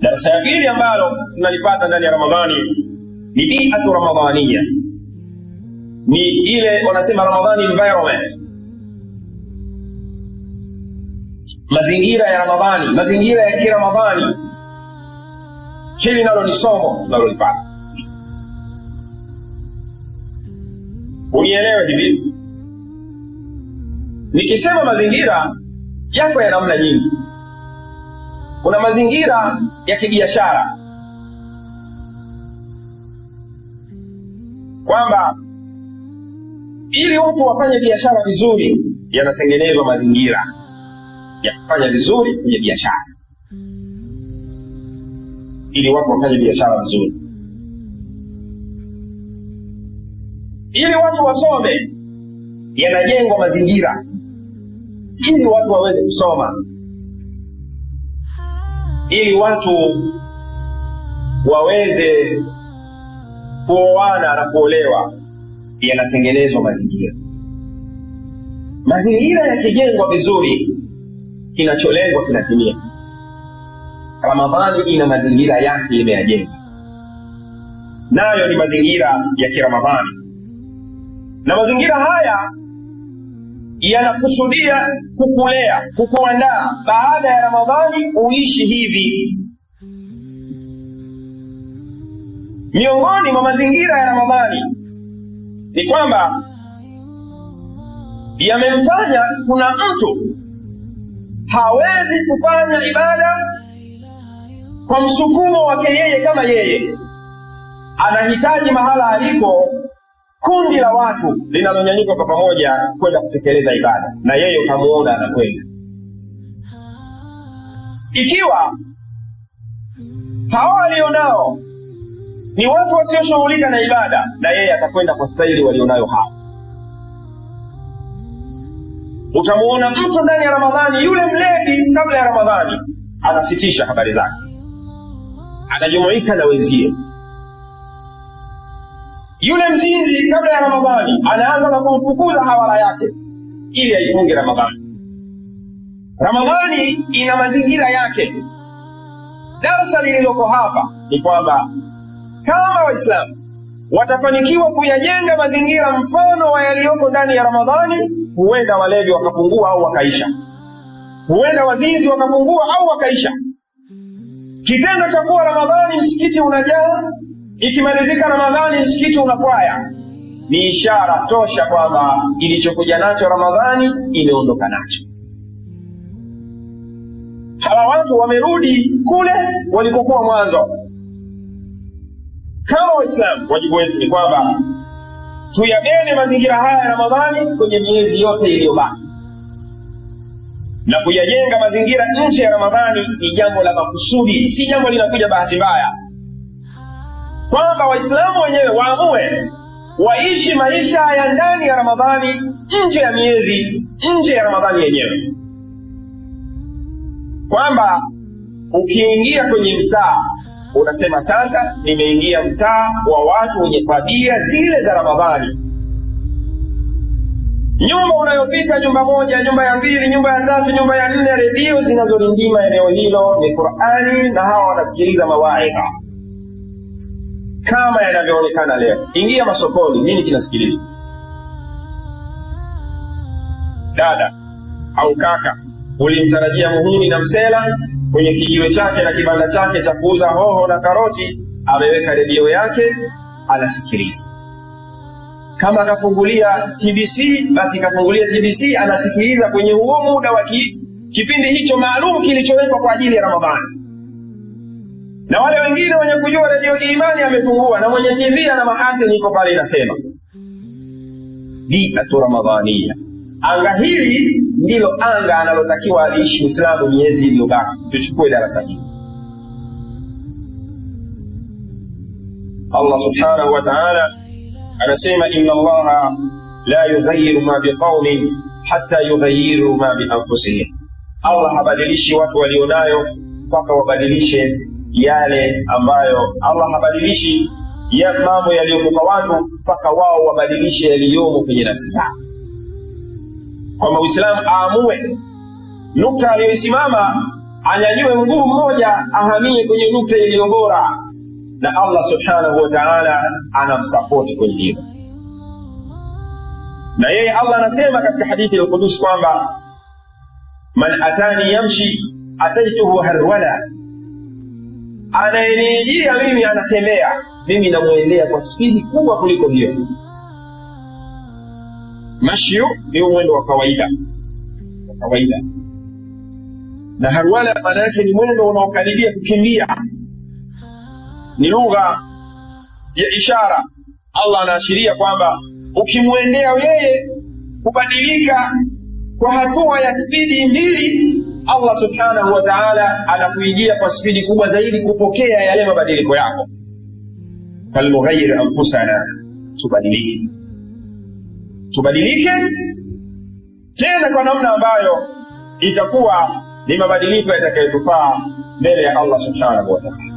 Darasa ya pili ambalo tunalipata ndani ya Ramadhani ni biatu ramadhania, ni ile wanasema Ramadhani environment, mazingira ya Ramadhani, mazingira ya Kiramadhani. Hili nalo ni somo tunalolipata. Unielewe hivi, nikisema mazingira yako ya namna nyingi kuna mazingira ya kibiashara kwamba ili watu wafanye biashara vizuri, yanatengenezwa mazingira ya kufanya vizuri kwenye biashara, ili watu wafanye biashara vizuri, ili watu wasome, yanajengwa mazingira ili watu waweze kusoma ili watu waweze kuoana na kuolewa, yanatengenezwa mazingira. Mazingira yakijengwa vizuri, kinacholengwa kinatimia. Ramadhani ina mazingira yake imeyajenga, nayo ni mazingira ya Kiramadhani, na mazingira haya yanakusudia kukulea kukuandaa baada ya ramadhani uishi hivi miongoni mwa mazingira ya ramadhani ni kwamba yamemfanya kuna mtu hawezi kufanya ibada kwa msukumo wake yeye kama yeye anahitaji mahala aliko kundi la watu linalonyanyuka kwa pamoja kwenda kutekeleza ibada, na yeye ukamuona anakwenda. Ikiwa hawa walionao ni watu wasioshughulika na ibada, na yeye atakwenda kwa staili walionayo hapa Utamuona mtu ndani ya Ramadhani, yule mlevi kabla ya Ramadhani anasitisha habari zake, anajumuika na wenzie. Yule mzinzi kabla ya Ramadhani anaanza na kumfukuza hawara yake ili aifunge Ramadhani. Ramadhani ina mazingira yake. Darsa lililoko hapa ni kwamba kama Waislamu watafanikiwa kuyajenga mazingira mfano wa yaliyoko ndani ya Ramadhani, huenda walevi wakapungua au wakaisha, huenda wazinzi wakapungua au wakaisha. Kitendo cha kuwa Ramadhani msikiti unajaa Ikimalizika Ramadhani msikiti unakwaya, ni ishara tosha kwamba ilichokuja nacho Ramadhani imeondoka nacho. Hawa watu wamerudi kule walikokuwa mwanzo. Kama Waislamu, wajibu wetu ni kwamba tuyabene mazingira haya ya Ramadhani kwenye miezi yote iliyobaki, na kuyajenga mazingira nje ya Ramadhani ni jambo la makusudi, si jambo linakuja bahati mbaya kwamba Waislamu wenyewe waamue waishi maisha ya ndani ya Ramadhani, nje ya miezi, nje ya Ramadhani yenyewe, kwamba ukiingia kwenye mtaa unasema sasa nimeingia mtaa wa watu wenye tabia zile za Ramadhani. Nyumba unayopita nyumba moja, nyumba ya mbili, nyumba ya tatu, nyumba ya nne, redio zinazorindima eneo hilo ni Qur'ani na hawa wanasikiliza mawaidha kama yanavyoonekana leo. Ingia masokoni, nini kinasikilizwa? Dada au kaka ulimtarajia muhuni na msela kwenye kijiwe chake na kibanda chake cha kuuza hoho na karoti, ameweka redio yake anasikiliza. Kama akafungulia TBC basi kafungulia TBC, anasikiliza kwenye huo muda wa kipindi hicho maalum kilichowekwa kwa ajili ya Ramadhani na wale wengine wenye kujua redio imani amefungua na mwenye tv ana mahasi niko pale inasema biatu ramadhania anga hili ndilo anga analotakiwa aliishi muislamu miezi iliyobaki tuchukue darasa hili allah subhanahu wa taala anasema inna allaha la yughayiru ma biqaumin hata yughayiru ma bianfusihim allah habadilishi watu walionayo mpaka wabadilishe yale ambayo Allah habadilishi ya mambo yaliyopo kwa watu mpaka wao wabadilishe yaliyomo kwenye nafsi zao, kwamba Uislamu aamue nukta aliyoisimama, anyanyue mguu mmoja, ahamie kwenye nukta iliyo bora, na Allah subhanahu wa ta'ala anamsapoti kwenye hilo. Na yeye Allah anasema katika hadithi al-Qudus kwamba man atani yamshi ataituhu harwala anayenijia mimi anatembea, mimi namwendea kwa spidi kubwa kuliko hiyo. Mashio ni mwendo wa kawaida wa kawaida, na harwala maana yake ni mwendo unaokaribia kukimbia, ni lugha ya ishara. Allah anaashiria kwamba ukimwendea yeye kubadilika kwa hatua ya spidi mbili allah subhanahu wa taala anakuijia kwa spidi kubwa zaidi kupokea yale mabadiliko yako falnughayir anfusana tubadilike tubadilike tena kwa namna ambayo itakuwa ni mabadiliko yatakayotufaa mbele ya allah subhanahu wa taala